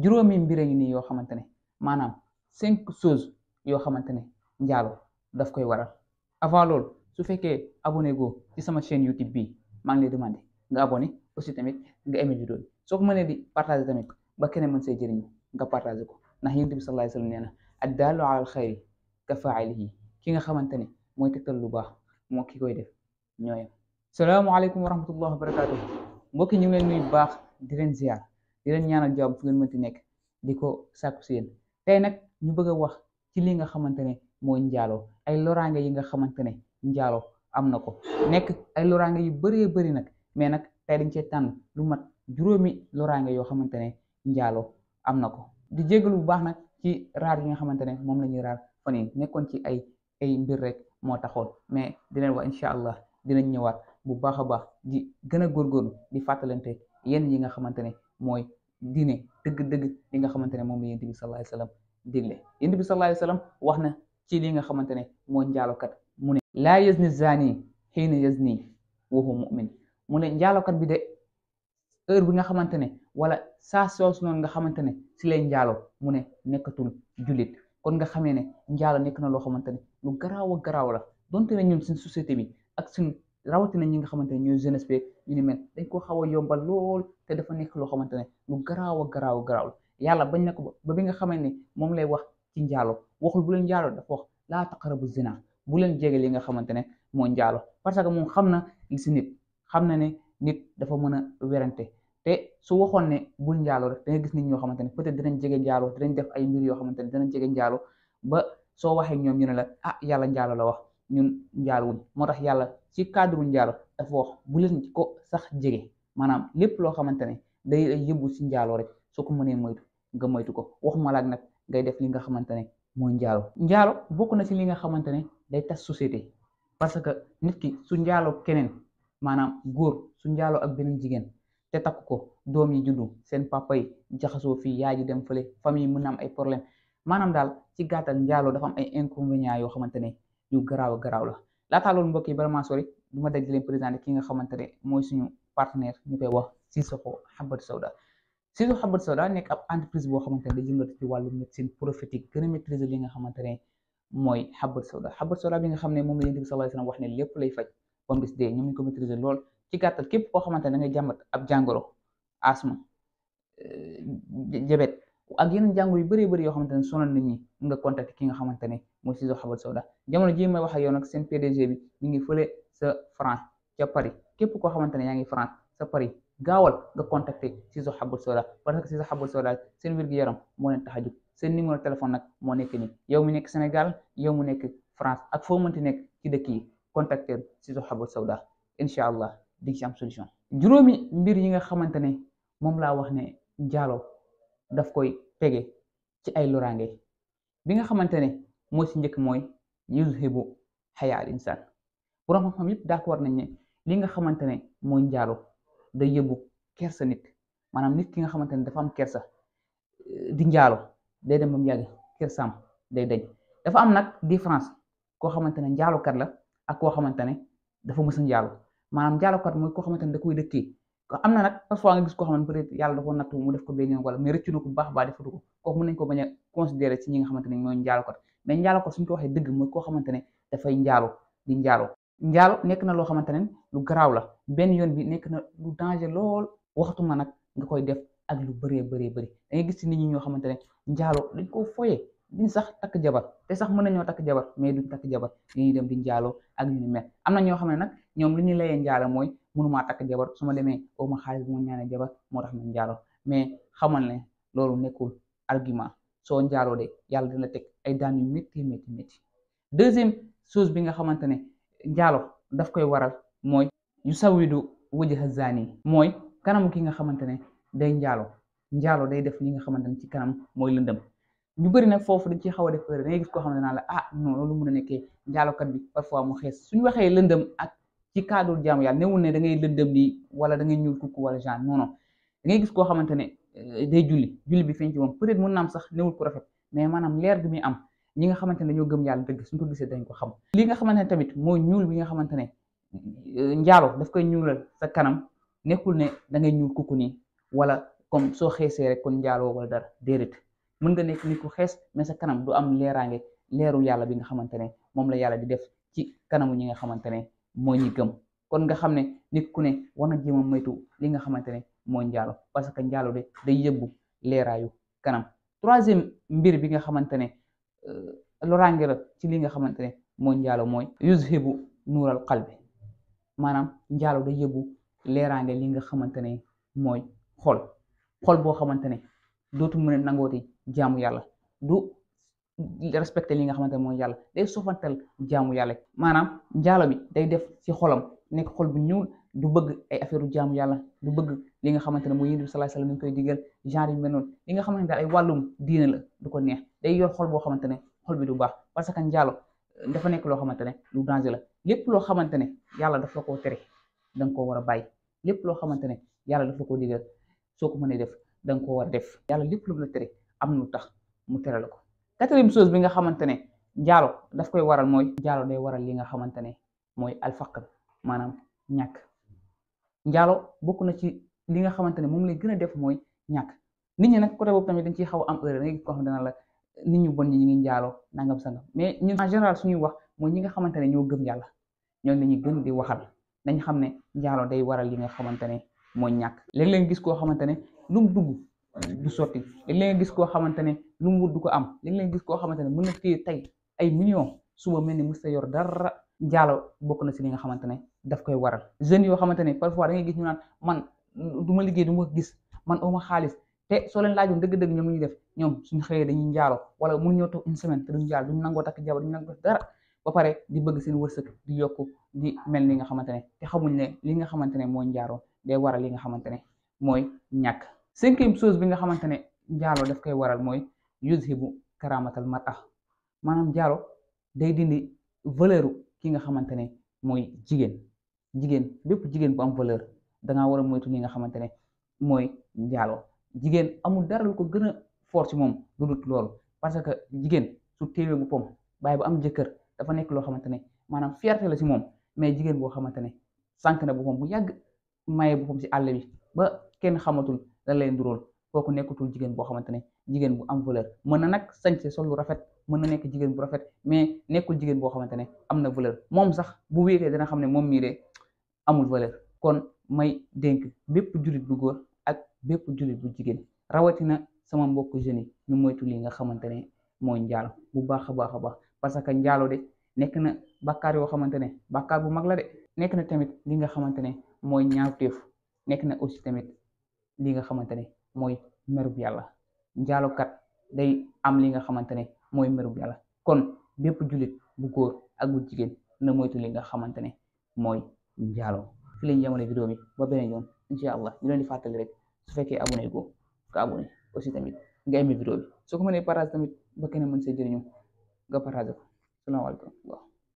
juróomi mbir a ngi yoo xamante ne maanaam cinq choses yoo xamante ne njaalo daf koy waral avant lool su fekkee abone go ci sama chaîne YouTube bi maa ngi lay demandé nga abonné aussi tamit nga aimé vidéo soo ko mënee di partagé tamit ba keneen mën see jëriñu nga partagé ko ndax yonent bi sallallahu alayhi wasallam nee na addaalu alal xayri ka faa'ilihi ki nga xamante ne mooy tegtal lu baax moo ki koy def ñooyam salaamaaleykum wa rahmatullahi wa barakatuh mbokki ñu ngi leen baax di leen ziar di leen ñaanal jawab fu ngeen mënti nekk di ko sàkku si yéen tey nag ñu bëgg a wax ci li nga xamante ne mooy njaaloo ay loraange yi nga xamante ne njaaloo am na ko nekk ay loraange yu bëree bëri nag mais nag tey dañ cee tànn lu mat juróomi loraange yoo xamante ne njaaloo am na ko di jégalu bu baax nag ci raar yi nga xamante ne moom la ñuy raar fan yi nekkoon ci ay ay mbir rek moo taxoon mais dinañ wax incha allah dinañ ñëwaat bu baax a baax di gën a góorgóorlu di fàttalante yenn yi nga xamante ne mooy diine dëgg-dëgg li nga xamante ne moom la yonent bi sallallahu alayhi wasallam digle yonent bi sallallahu wax na ci li nga xamante ne mooy njaalokat mu ne laa yazni zani xiina yazni wa huwa mu'min mu ne njaalokat bi de heure bi nga xamante ne wala saa soosu noonu nga xamante ne si lay njaalo mu ne nekkatul jullit kon nga xamee ne njaalo nekk na loo xamante ne lu garaaw a la donte ne ñun suñ société bi ak suñ rawatina ñi nga xamante ne ñooy jeunesse beeg ñu ni mel dañ ko xaw a yombal lool te dafa nekk loo xamante ne lu garaaw a garaaw yàlla bañ na ko ba bi nga xamante ne moom lay wax ci njaalo waxul bu leen njaalo dafa wax laa taqarabu bu leen jege li nga xamante ne moo parce que moom xam na li si nit xam na ne nit dafa mën a werante te su waxoon ne bul njaalo rek da nga gis nit ñoo xamante ne peut-être dinañ jege njaalo dinañ def ay mbir yoo xamante ne dinañ jege njaalo ba soo waxee ñoom ñu ne la ah yàlla njaalo la wax ñun njaalwuñ moo tax yàlla ci cadre njaalo dafa bu leen ko sax jege maanaam lépp loo xamante ne day yëbbu si njaaloo rek soo mënee moytu nga moytu ko waxuma laak nag ngay def li nga xamante ne mooy njaalo bokk na si li nga xamante ne day tas société parce que nit ki su njaaloo keneen maanaam góor su njaaloo ak beneen jigéen te takk ko doom yi juddu seen papa yi jaxasoo fii yaay ji dem fële famille mën na am ay problème maanaam daal ci gàttal njaalo dafa ay inconvénients yoo xamante ne yu garaaw a garaaw la laataa loolu mbokk yi bala maa sori du ma dégg présenté ki nga xamante ne mooy suñu partenaire ñu koy wax Sissoko Habbatu Sauda Sissoko Habbatu Sauda nekk ab entreprise boo xamante ne day yëngatu ci wàllu médecine prophétique gën a li nga xamante ne mooy Habbatu Sauda Habbatu Sauda bi nga xam ne moom la Yonent bi sallallahu wax ne lépp lay faj ba mu des dee ñu ngi ko maîtriser lool ci gàttal képp koo xamante ne da ngay jàmbat ab jàngoro asma jabet euh, ak yenn jàngoro yu bëree bëri yoo xamante ne sonal nit ñi nga contacter ki nga xamante ne mooy Ciseaux Habal Sauda jamono jii may wax ak seen PDG bi képp koo xamante ne yaa ngi France sa Paris gaawal nga contacter Ciseaux Habal Sauda parce que Ciseaux Habal Sauda seen wér-gu-yaram moo leen tax a moo nekk yow mu nekk Sénégal yow mu nekk France ak foo mënti nekk ci dëkk yi contacter Ciseaux Habal Sauda incha allah di ci am solution. mbir yi nga xamante ne moom laa wax ne njaalo daf koy pege ci ay loraange bi nga xamante mooy si njëkk mooy yuzhibu xayaa al insaan borom xam-xam yëpp d'accord nañ ne li nga xamante ne mooy njaalo day yóbbu kersa nit maanaam nit ki nga xamante ne dafa am kersa eh, di njaalo day dem ba mu koo xamante ne njaalokat la ak koo xamante dafa mës a njaalo maanaam njaalokat mooy koo xamante ne da koy am na nag parfois nga gis koo xamante yàlla da nattu mu def ko benn yoon wala rëccu na ko baax baax defatu ko kooku nañ ko bañ a considérer ci ñi nga xamante ne mooy njaalokat mais njaalo ko suñ ko waxee dëgg mooy koo xamante ne dafay njaalo di njaalo njaalo nekk na loo xamante ne lu garaaw la benn yoon bi nekk na lu danger lool waxtuma nag nga koy def ak lu bëree bëree bëri da gis ci nit ñi ñoo xamante ne njaalo dañ koo foye duñ sax takk jabar te sax mën nañoo takk jabar mais duñ takk jabar dañuy dem di njaaloo ak ñu mel am na ñoo xam ne nag ñoom li ñuy layee njaalo mooy mënumaa takk jabar su demee oo ma xaalis bu ma ñaanee jabar moo tax ma njaalo mais xamal ne loolu nekkul argument soo njaaloo de yàlla dina teg ay daan yu métti métti métti deuxième chose bi nga xamante ne njaalo daf koy waral mooy yu sawidu wajha zani mooy kanam ki nga xamante ne day njaaloo njaalo day def li nga xamante ne ci kanam mooy lëndëm ñu bëri nag foofu dañ ciy xaw a def da gis koo xam ne naa la ah non nekkee njaalokat bi parfois mu xees suñu waxee lëndëm ak ci cadre jaamu yàlla newul ne da ngay lëndëm bi wala da ngay ñuul kukk wala genre non non gis koo xamante Euh, day julli julli bi feeñ ci moom peut-être mën na sax newul ku rafet mais maanaam leer gi muy am ñi nga xamante ne dañoo gëm yàlla dëgg suñu ko gisee dañ ko xam li nga xamante ne tamit mooy ñuul bi nga xamante ne euh, njaalo daf koy ñuulal sa kanam nekkul ne da ngay ñuul kukku nii wala comme soo xeesee rek kon njaaloo wala dara déedéet mën nga nekk nit ku xees mais sa kanam du am leeraange leeru yàlla bi nga xamante ne moom la yàlla di def ci kanamu ñi nga xamante ne moo ñi gëm kon nga xam ne nit ku ne war na jéem a moytu li nga xamante ne mooy njaalo parce que njaalo de day yëbbu leeraayu kanam troisième mbir bi nga xamante ne euh, loraange la ci li nga xamante ne mooy njaalo mooy yuzhibu nuural qalbi maanaam njaalo day yëbbu leeraange li nga xamante ne mooy xol xol boo xamante ne dootu mën a nangooti jaamu yàlla du respecté li nga xamante ne mooy yàlla day sofantal jaamu yàlla maanaam njaalo bi day def ci xolam nekk xol bu ñuul du bëgg ay affaire jaamu yàlla du bëgg li nga xamante ne mooy yéen bi salaay salaam ñu koy digal genre yu mel li nga xamante daal ay wàllum diine la du ko neex day yor xol boo xamante ne xol bi du baax parce que njaalo euh, dafa nekk loo xamante ne lu danger la lépp loo xamante ne yàlla daf la koo tere da nga koo war a bàyyi lépp loo xamante ne yàlla daf la koo soo ko mënee def da koo war a lépp lu mu am lu tax mu tere la ko quatrième chose bi nga xamante ne njaalo daf koy waral mooy njaalo day waral li nga xamante ne mooy alfaqr maanaam ñàkk njaalo bokk na ci li nga xamante ne moom lay gën a def mooy ñàkk nit ñi nag côté boobu tamit dañ ciy xaw a am erreur xam dana nit ñu bon ñi ngi njaaloo nangam sangam mais ñi nga xamante ne ñoo gëm yàlla ñoom dañuy gën di waxal dañ xam ne njaaloo day waral li nga xamante ne mooy ñàkk léeg-léeg gis koo xamante ne lu dugg du sotti léeg-léeg gis koo xamante ne lu mu du ko am léeg-léeg gis koo xamante ne mën na téye tey ay millions suba mel ni mës ta yor dara njaalo bokk na si li nga xamante ne daf koy waral du ma liggéey du ma gis man awma xaalis te soo leen laajoon dëgg-dëgg ñoom ñu def ñoom suñu xëyee dañuy njaalo wala mun ñoo toog une semaine te duñ njaalo duñ nangoo takk jabar duñ nangoo ba pare di bëgg seen wërsëg di yokku di mel ni nga xamante ne te xamuñ ne li nga xamante ne mooy njaaroo day waral li nga xamante ne mooy ñàkk cinquième chose bi nga xamante ne njaalo daf koy waral mooy yuzhibu karamatal mar'a maanaam njaalo day dindi valeur ki nga xamante ne mooy jigéen jigéen bépp jigéen bu valeur dangaa war a moytu li nga xamante ne mooy njaaloo jigéen amul dara lu ko gën a fort moom lu dul loolu parce que jigéen su téewee bu pom bàyyi bu am jëkkër dafa nekk loo xamante ne maanaam fierté la ci moom mais jigéen boo xamante ne sànq na boppam bu yàgg maye boppam ci àll bi ba kenn xamatul la lay ndurool kooku nekkatul jigéen boo xamante ne jigéen bu am valeur mën na nag sañse sol lu rafet mën na nekk jigéen bu rafet mais nekkul jigéen boo xamante ne am na valeur moom sax bu wéetee dina xam ne moom mii de amul valeur kon may dénk bépp jullit bu góor ak bépp jullit bu jigéen rawatina sama mbokk jeunes yi ñu moytu li nga xamante ne mooy njaalo bu baax a baax a baax parce que njaalo de nekk na bàkkaar yoo xamante ne bàkkaar bu mag la de nekk na tamit li nga xamante ne mooy ñaawteef nekk na aussi tamit li nga xamante ne mooy merub yàlla kat day am li nga xamante ne mooy merub yàlla kon bépp jullit bu góor ak bu jigéen na moytu li nga xamante ne mooy njaalo fi lañ yemale vidéo bi ba beneen yoon incha allah ñu leen di fàttali rek su fekkee abonné ko nga abonné aussi tamit nga aimé vidéo bi soo ko mënee partage tamit ba kenn mën see jëriñu nga partage ko salaamaaleykum waaw